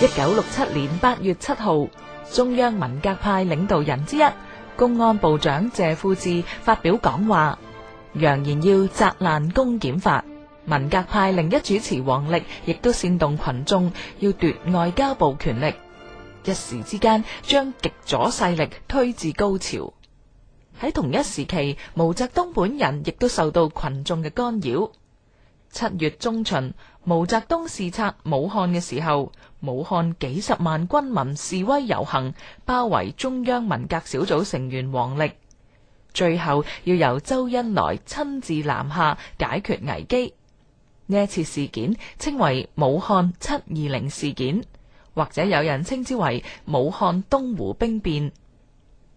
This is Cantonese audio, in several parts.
一九六七年八月七號，中央文革派領導人之一公安部長謝富治發表講話，揚言要砸爛公檢法。文革派另一主持王力，亦都煽動群眾要奪外交部權力，一時之間將極左勢力推至高潮。喺同一時期，毛澤東本人亦都受到群眾嘅干擾。七月中旬，毛澤東視察武漢嘅時候，武漢幾十萬軍民示威遊行，包圍中央文革小組成員王力，最後要由周恩來親自南下解決危機。呢一次事件稱為武漢七二零事件，或者有人稱之為武漢東湖兵變。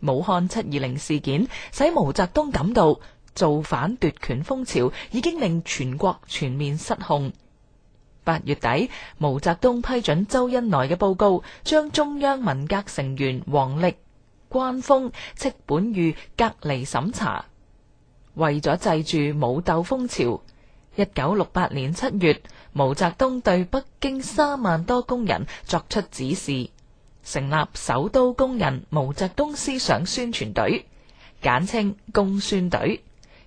武漢七二零事件使毛澤東感到。造反奪權風潮已經令全國全面失控。八月底，毛澤東批准周恩來嘅報告，將中央文革成員王力、關鋒、戚本禹隔離審查。為咗制住武鬥風潮，一九六八年七月，毛澤東對北京三萬多工人作出指示，成立首都工人毛澤東思想宣傳隊，簡稱工宣隊。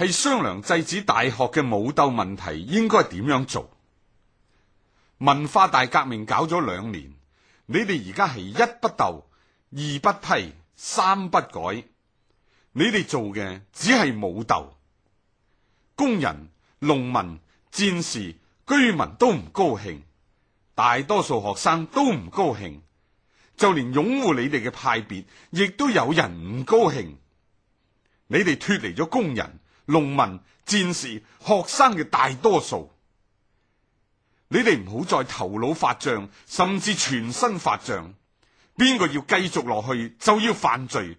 係商量制止大學嘅武鬥問題，應該點樣做？文化大革命搞咗兩年，你哋而家係一不鬥，二不批，三不改。你哋做嘅只係武鬥，工人、農民、戰士、居民都唔高興，大多數學生都唔高興，就連擁護你哋嘅派別，亦都有人唔高興。你哋脫離咗工人。農民、戰士、學生嘅大多數，你哋唔好再頭腦發脹，甚至全身發脹。邊個要繼續落去就要犯罪，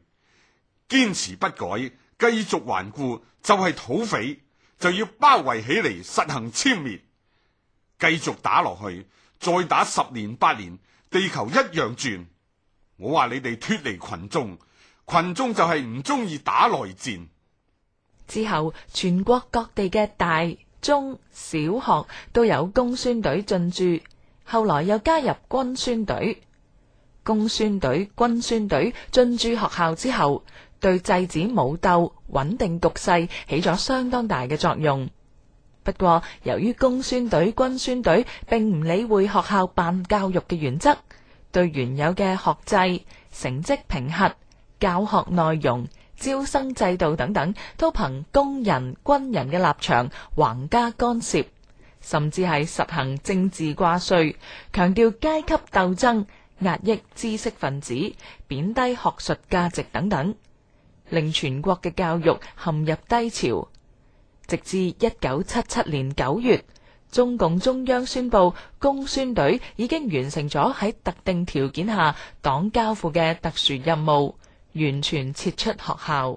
堅持不改，繼續頑固就係土匪，就要包圍起嚟實行殲滅。繼續打落去，再打十年八年，地球一樣轉。我話你哋脱離群眾，群眾就係唔中意打內戰。之後，全國各地嘅大中小學都有工宣隊進駐，後來又加入軍宣隊。工宣隊、軍宣隊進駐學校之後，對制止武鬥、穩定局勢起咗相當大嘅作用。不過，由於工宣隊、軍宣隊並唔理會學校辦教育嘅原則，對原有嘅學制、成績評核、教學內容，招生制度等等都憑工人、軍人嘅立場橫加干涉，甚至係實行政治掛帥，強調階級鬥爭，壓抑知識分子，貶低學術價值等等，令全國嘅教育陷入低潮。直至一九七七年九月，中共中央宣布，工宣隊已經完成咗喺特定條件下黨交付嘅特殊任務。完全撤出學校。